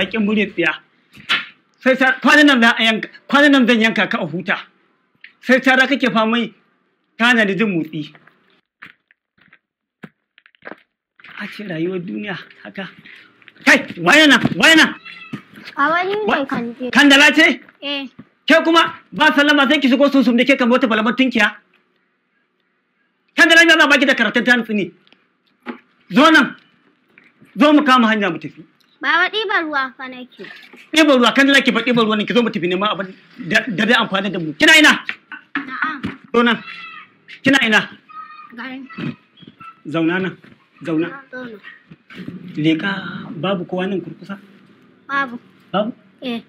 zaƙin muryar tsiya sai ta kwanan nan za a yanka kwanan nan zan yanka ka a huta sai ta tara kake famai tana da jin motsi a ce rayuwar duniya haka kai nan wayana nan a wani ne kandila kandala ce eh ke kuma ba sallama sai ki shigo sun da ke kan wata balamar tunkiya kandala ya za baki da karatun ta tsini zo nan zo mu kama hanya mu tafi Baba ɗiban ruwa fa nake. Ɗiban ruwa kan laki fa ɗiban ruwa ne ki zo mu tafi neman abin da zai amfani da mu. Kina ina? Na'am. Zo nan. Kina ina? Garin. Zauna nan. Zauna. Leƙa babu kowa nan kurkusa? Babu. Babu? Eh.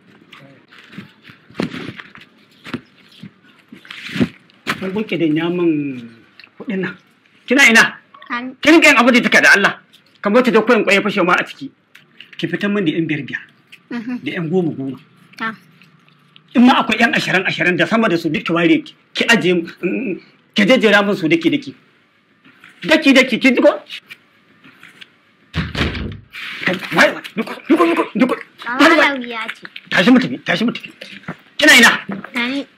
Kun buke da nyaman kuɗin nan. Kina ina? Kin ga yin abin da take da Allah. Kamar ta da koyan kwaye fashe ma a ciki. ki fitan min da yan biyar biyar mhm. da yan goma goma in ma akwai yan ashirin ashirin da sama da su duk ware ki aje mm, mm, ki jejjera min su daki daki daki daki ki ji ko tashi mutubi tashi mutubi kina ina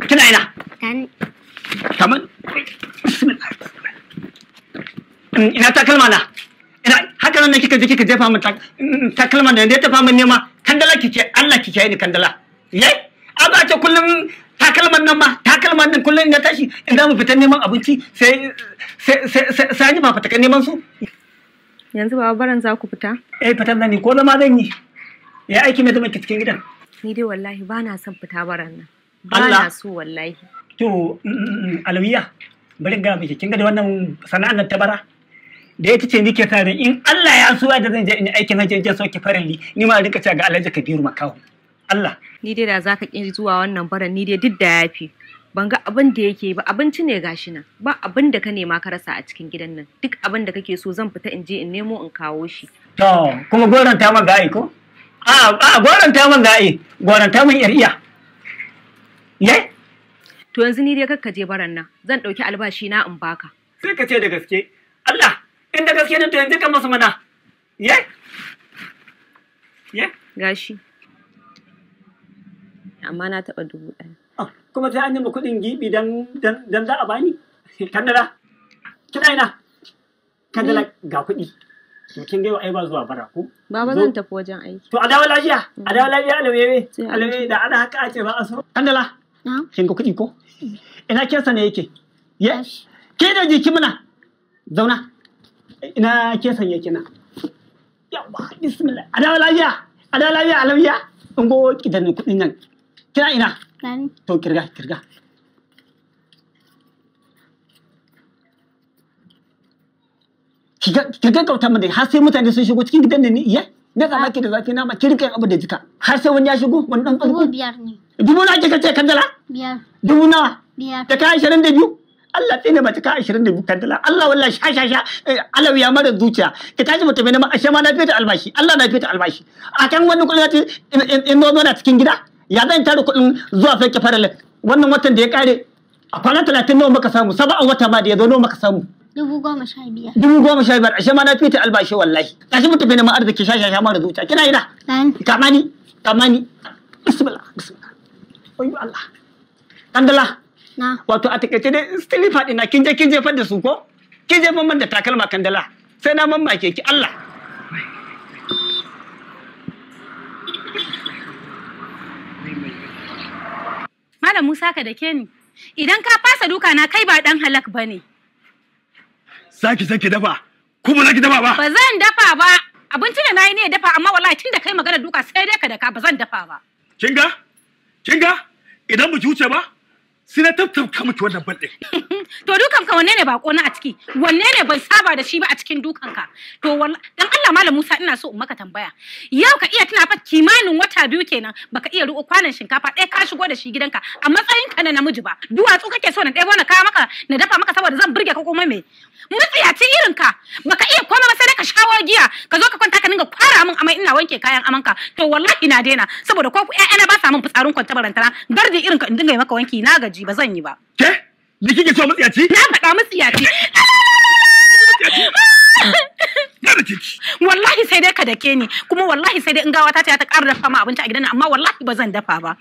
kina ina kamar mm, ina takalma na haka nan kika je kika jefa min takalma da ne tafa min nema kandala kike Allah kike ni kandala ye a ba ta kullum takalman nan ma takalman nan kullum na tashi in za mu fita neman abinci sai sai sai sai ba fita neman su yanzu ba baran za ku fita eh fitan nan ne ko zama zan yi ya aiki mai zama cikin gidan ni dai wallahi ba na son fita baran nan ba na so wallahi to mm, mm, mm, alawiya bari ga miki kin ga da wannan sana'an nan ta bara da ya ce nike sa in Allah ya so da zan je in aikin hajji in je soke faralli ni ma rinka cewa ga Alhaji Kabiru makaho Allah ni dai da zaka kin zuwa wannan baran ni dai duk da yafi ban ga abin da yake ba abinci ne gashi nan ba abin da ka nema ka rasa a cikin gidan nan duk abin da kake so zan fita in je in nemo in kawo shi to kuma goran ta man ga'i ko a a goran ta man ga'i goran ta man yariya ye to yanzu ni dai kakkaje je baran nan zan dauki albashi na in baka sai ka ce da gaske Allah inda gaske ne to yanzu kan musu mana ye ye gashi amma na taɓa dubu ɗaya ah, kuma sai an yi kuɗin gibi dan za a bani kandala kina ina kandala mm. ga kuɗi to kin gaiwa ai ba zuwa bara ko baba zan tafi wajen aiki to a dawo lafiya a dawo mm. lafiya alawewe alwaye da ana haka ake ba a so kandala kin ga kuɗi ko mm. ina kinsa ne yake ye ke da jiki muna zauna ina ke sanya kina yawa bismillah adawa lafiya adawa lafiya alawiya in go kidan kudin nan kina ina to kirga kirga kirga kauta mu dai har sai mutane sun shigo cikin gidan da ni iya na zama ki da zafi na ma kirga abu da jika har sai wani ya shigo wani dan farko dubu biyar ne dubu na kika ce kandala biyar dubu nawa biyar da kai 22 da biyu Allah tsine mace ka 22 kandala Allah wallahi sha sha sha eh, alawi ya mara zuciya ki tashi mutum ne ma ashe ma na fita albashi Allah na fita albashi a kan wannan kuɗin in nono na cikin gida ya zan tara kuɗin zuwa fake faralin wannan watan da ya kare a kwana talatin nawa muka samu saba'an wata ma da ya zo nawa muka samu dubu goma sha biyar dubu goma sha biyar ashe ma na fita albashi wallahi tashi mutum ne ma arziki sha sha sha mara zuciya kina ina kamani kamani bismillah bismillah Allah kandala Wato a takaice dai stili ɗina kin je kin fa da su ko? Kin je man da takalma kandala sai na mamake ki Allah. Malam Musa ka dake ni. Idan ka fasa duka na kai ba dan halak ba ne. Saki saki dafa. Ku ba zaki dafa ba. Ba zan dafa ba. Abinci da nayi ne dafa amma wallahi tunda kai magana duka sai dai ka da ka ba zan dafa ba. Kinga? Kinga? Idan ba ki wuce ba, sina na tattauta miki wannan bal to dukan ka wanne ne bako na a ciki wanne ne bai saba da shi ba a cikin dukan ka to dan Allah malam Musa ina so in maka tambaya yau ka iya tuna fa kimanin wata biyu kenan baka iya riko kwanan shinkafa ɗaya ka shigo da shi gidanka a matsayin ka na namiji ba duwatsu kake so na ɗebo na kawo maka na dafa maka saboda zan burge ka kuma me mutsiyaci irin ka baka iya komai wanke kayan amanka to wallahi na daina saboda ko na ba sa min fitsarin kwanta barantana gardi irin ka in dinga maka wanki na gaji ba zan yi ba ke ni kike so tsiyaci na faɗa tsiyaci wallahi sai dai ka dake ni kuma wallahi sai dai in gawa ta ce ta ƙara dafa ma abinci a gidan amma wallahi ba zan dafa ba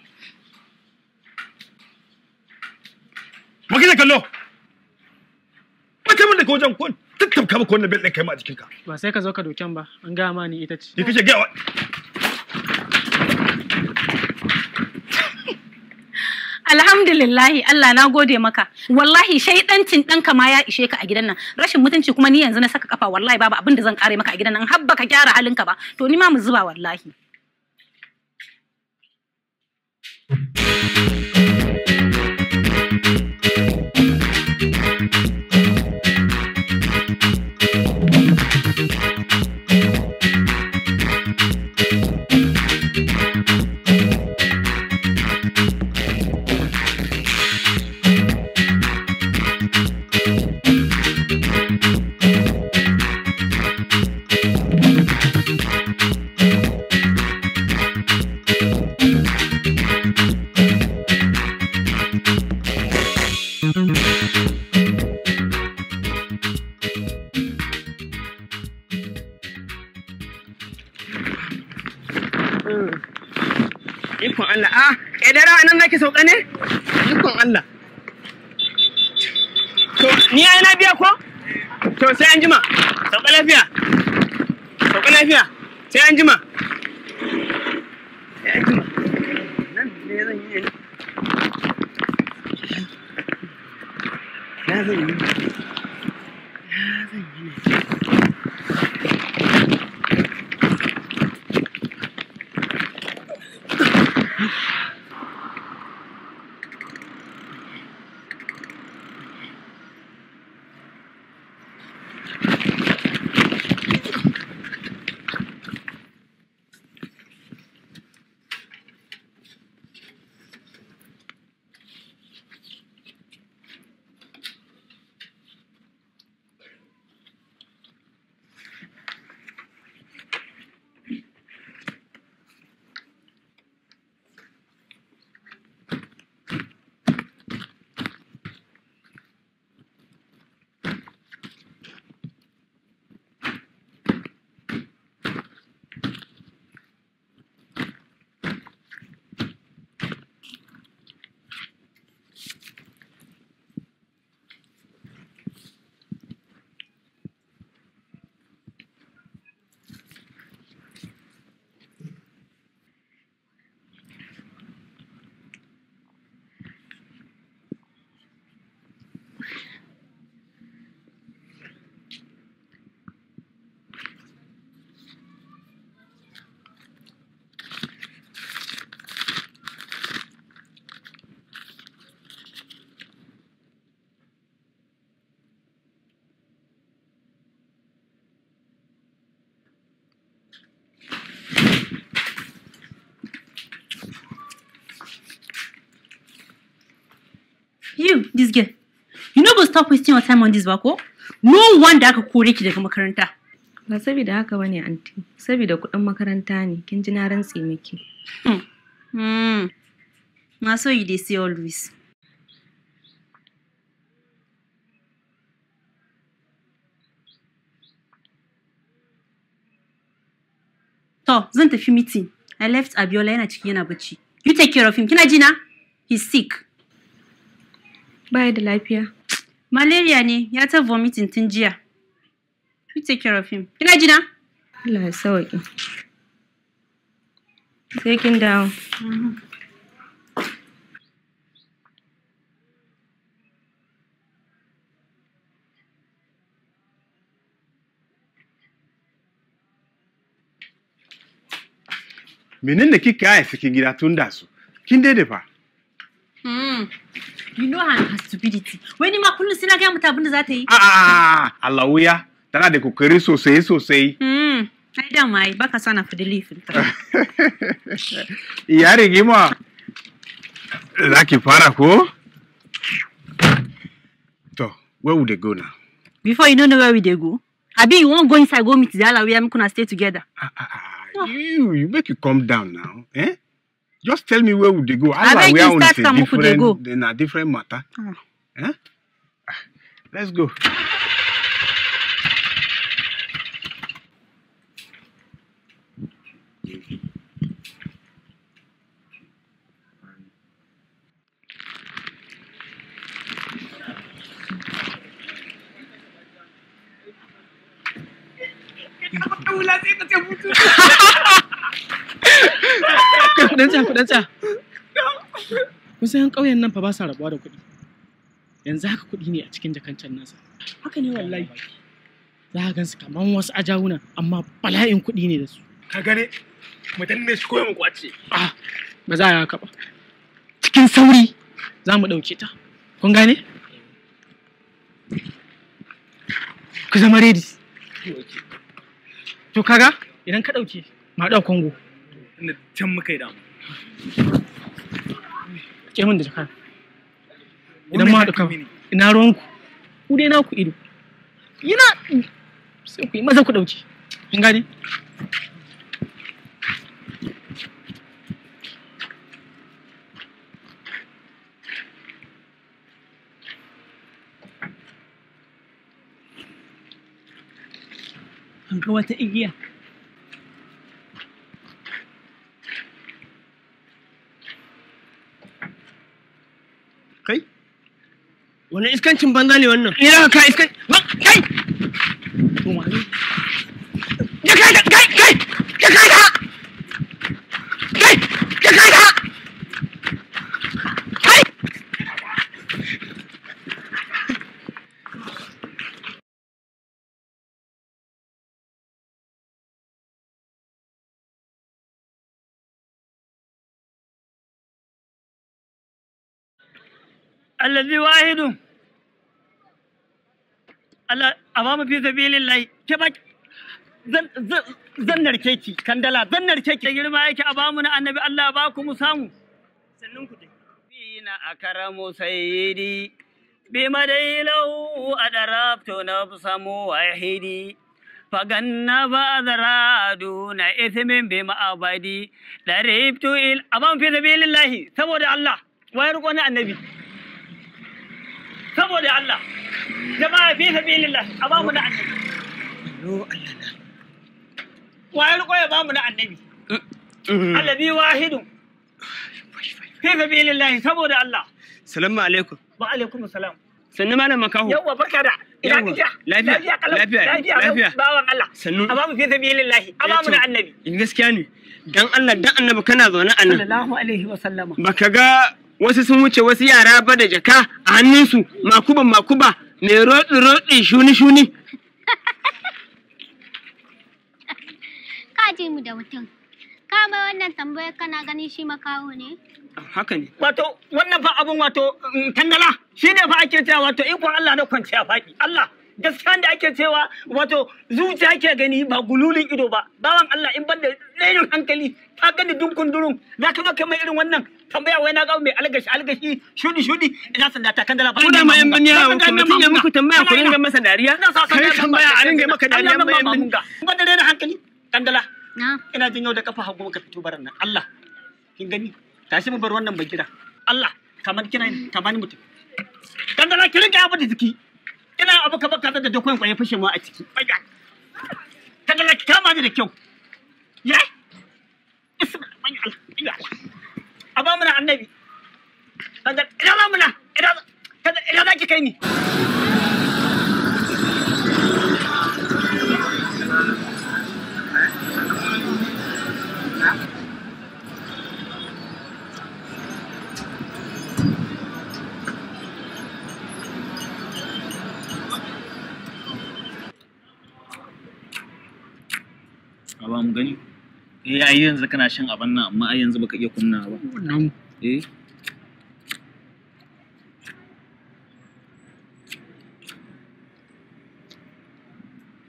Maki da kallo. Mata mun da ko kun. duk tamka maka wannan bel ɗin kai ma a jikinka. Ba sai ka zo ka doken ba, an ga ma ni ita ce. Ni kake gaya Alhamdulillahi Allah na gode maka. Wallahi shaidancin ɗanka ma ya ishe ka a gidan nan. Rashin mutunci kuma ni yanzu na saka kafa wallahi babu abin da zan kare maka a gidan nan. Habba ka gyara halinka ba. To ni ma mu zuba wallahi. sai an jima sai an jima nan ne zan yi na zan yi you, this girl. You know go stop wasting your time on this work, No wonder aka kore ki daga makaranta. Ba saboda haka bane anti, saboda kuɗin makaranta ne, kin ji na rantse miki. Hmm. hmm. Na so you dey say always. To, zan tafi meeting. I left Abiola yana ciki yana bacci. You take care of him. Kina ji na? He's sick. Baya da lafiya. Malaria ne, ya ta vomiting tun jiya. You take care of him. Kina jina? Allah ya sauƙi. Take him down. menene kika haifi cikin gida tun da su kin daidai fa You know her, her stupidity. Wani ma kullum sai na gaya mata abin da za ta yi. A'a, ah, ah, ah, Allah wuya. Tana da kokari sosai sosai. Hmm. Ai da mai baka sana fi dalilin ta. Ya rigima. Za ki fara ko? To, where would they go now? Before you know where we dey go. Abi you wan go inside go meet the Allah where make una stay together. Ah, ah, ah. You, you make you calm down now. Eh? just tell me where would they go. I like where would they different, go. In a different matter. Huh? Oh. Eh? Ah, let's go. kudin dan tsaya tsaya kusan yan ƙauyen nan fa ba sa rabuwa da kuɗi yanzu haka kuɗi ne a cikin jakancan nasa haka ne wallahi za ka gansu kaman wasu ajawuna amma bala'in kuɗi ne da su ka gane mu danne shi koyo mu kwace ah ba za a haka ba cikin sauri za mu ɗauke ta kun gane ku zama ready to kaga idan ka ɗauke ma ɗau kongo inda can muka yi ke mun da jaka idan ma kawai ina ruwanku ku dai naku ido yana sai ku yi maza ku ɗauki gane an ga wata igiya Wani iskancin banza ne wannan? Ina ka iskan kai. Kai kai kai kai allazi wahidu Allah amama fi sabilillahi ke ba zan narke ki kandala zan narke ki girma yake a bamu na annabi Allah ba ku mu samu sannan ku dai na akaramu sayyidi بمديله أدربت نفس موحدي فجنب أذرى دون إثم بمعبدي ضربت إلى أبان في سبيل الله سبود الله ويرقون النبي saboda Allah jama'a fi sabilillah a ba na annabi yo Allah na wayar koya ba na annabi mm. allabi wahidu wahidun fi sabilillah saboda Allah salamu alaikum wa alaikum salam sannu malam makaho yawwa barka da ina lafiya lafiya lafiya bawan Allah sannu a bamu mu fi sabilillah a eh, ba na annabi gaskiya ne dan Allah dan annabi kana zaune a nan sallallahu alaihi wa sallama baka ga wasu sun wuce wasu yara ba da jaka a hannunsu makuba makuba mai roɗi roɗi shuni shuni. Ka mu da mutum, ka mai wannan tambayar kana ganin shi makaho ne? Haka ne. Wato wannan fa abun wato mm, tangala shi ne fa ake cewa wato ikon Allah na kwanciya faki Allah. gaskiya da ake cewa wato zuciya ke gani ba gululin ido ba bawan Allah in banda tsayin hankali ta gani dunkun durun za ka zo kai mai irin wannan tambaya wai na ga mai algashi algashi shudi shudi ina sanda ta kandala ba kuna mai duniya mutum ya muku tambaya ku ringa masa dariya kai tambaya a ringa maka dariya mai yan ba banda rena hankali kandala ina jin yau da kafa hagu ka fito baran nan Allah kin gani tashi mu bar wannan bagira Allah kamar kina kamar mutum kandala kirin ka abu da jiki ina abu ka baka da dakon kwaye fashe mu a ciki ka da kama ni da kyau ya a ba muna annabi kaga ina ma muna ina kaga ina zaki kai ni eh ai yanzu kana shan abin nan amma ai yanzu baka iya kunna ba wannan eh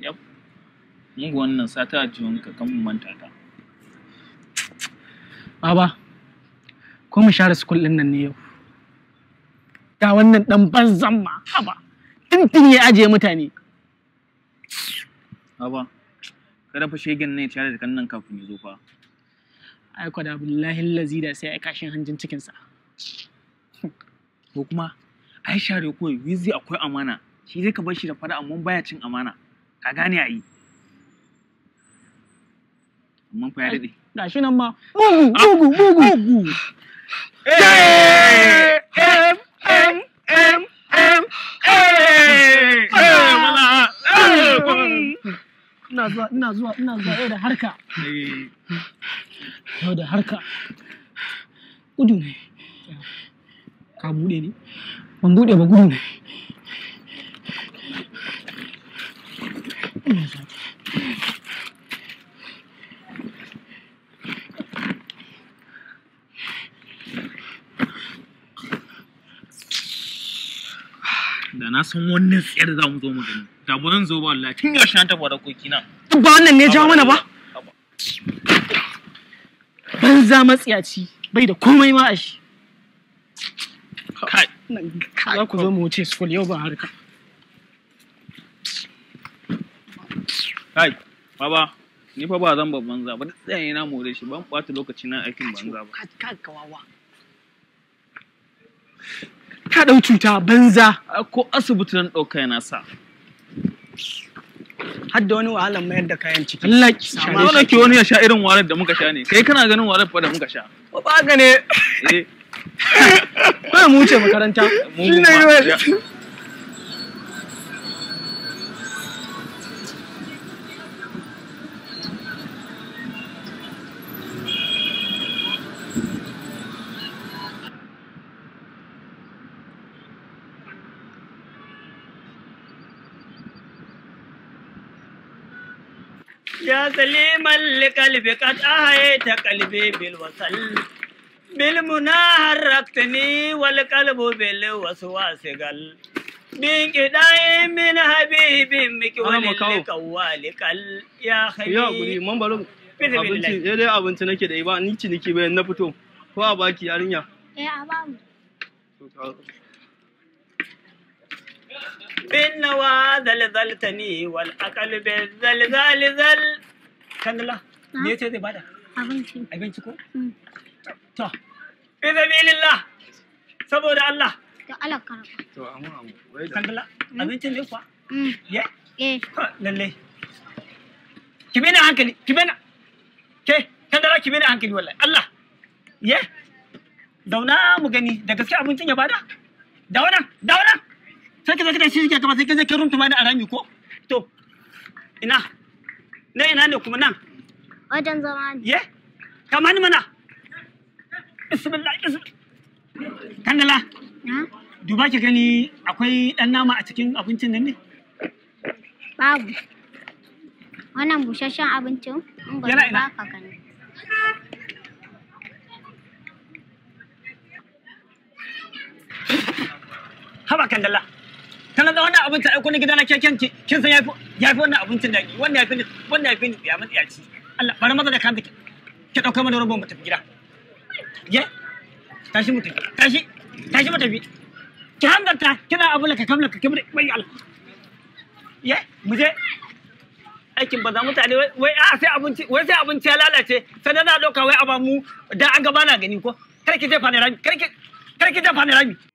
yap mun wannan sata jiwon ka kan manta ta baba ko mu share su kullun nan ne yau ga wannan dan banzan ma haba tintin ya aje mutane haba kada fa shegen ne tare da kannan kafin ya zo fa ai kwa da billahi lazi da sai ai kashin hanjin cikin sa ko kuma ai share ko wizi akwai amana shi zai ka bar shi da fara amma baya cin amana ka gane ai amma fa ya dade shi nan ma bugu ah, bugu bugu eh eh ina zuwa ina zuwa ina zuwa yau da harka eh. yau da harka gudu ne ka bude ne ban bude ba gudu ne ina zuwa da na san wannan tsayar za mu zo mu gani da ba zan zo ba wallahi tun yaushe an taɓa rakoki na ba wannan ne ja mana ba ban banza matsiyaci bai da komai ma a shi za ku zo mu wuce school yau ba harka kai baba ni fa ba zan ba banza ba tsaye na more shi ban ɓata lokaci na aikin banza ba kai kai kawawa ka ɗau cuta banza ko asibiti nan ɗauka yana sa har da wani wahalar mayar da kayan ciki Allah ki sha dole ki wani ya sha irin warar da muka sha ne kai kana ganin warar fa da muka sha ba ba ga ne eh ba mu wuce makaranta mu ne سليمل قلبي قد أهيت قلبي بالوصل بالمنا حركتني والقلب بالوسواس قل من كداي من حبيبي مك ولي قوالي قل يا خلي يا غري من بلوم abinci dai abinci nake da ba ni ci niki bai na fito ko a baki yarinya zal zal zal Shangala, ah. me yace zai bada? Abinci. Abinci ko? Mm. To, Izabilillah, saboda Allah. To Allah karɓa. To amma amma. Shangala, abinci ne kuwa? Mm. Ya? Eh. Lallai. Ki bani hankali, ki bani. Ke, Shangala ki bani hankali wallahi. Allah. Ya? dauna mu gani, da gaske abincin ya bada? Da wannan, da wannan. Sai ka zaka da shi kike kama sai ka zaka runtuma da arami ko? To, ina na ina ne kuma nan wajen zama ne ye kama ni mana bismillah kandala duba ki gani akwai dan nama a cikin abincin nan ne babu wannan busasshen abincin in ba ba ka gani haba kandala kana da wannan abincin aiko na gida na keken ki kin san yafi yafi wannan abincin da ki wannan yafi wannan yafi ni ya matsi a ci Allah bari maza da kanta ki ki dauka mana ruwan mu tafi gida ye tashi mu tafi tashi tashi mu tafi ki hangarta kina abu laka kamla ka kamar bai Allah ye mu je aikin ba za mu tare wai a sai abinci wai sai abinci ya lalace sai na dauka wai a ba mu da an gaba na gani ko kar ki je fa ne rami kar ki kar ki je fa ne rami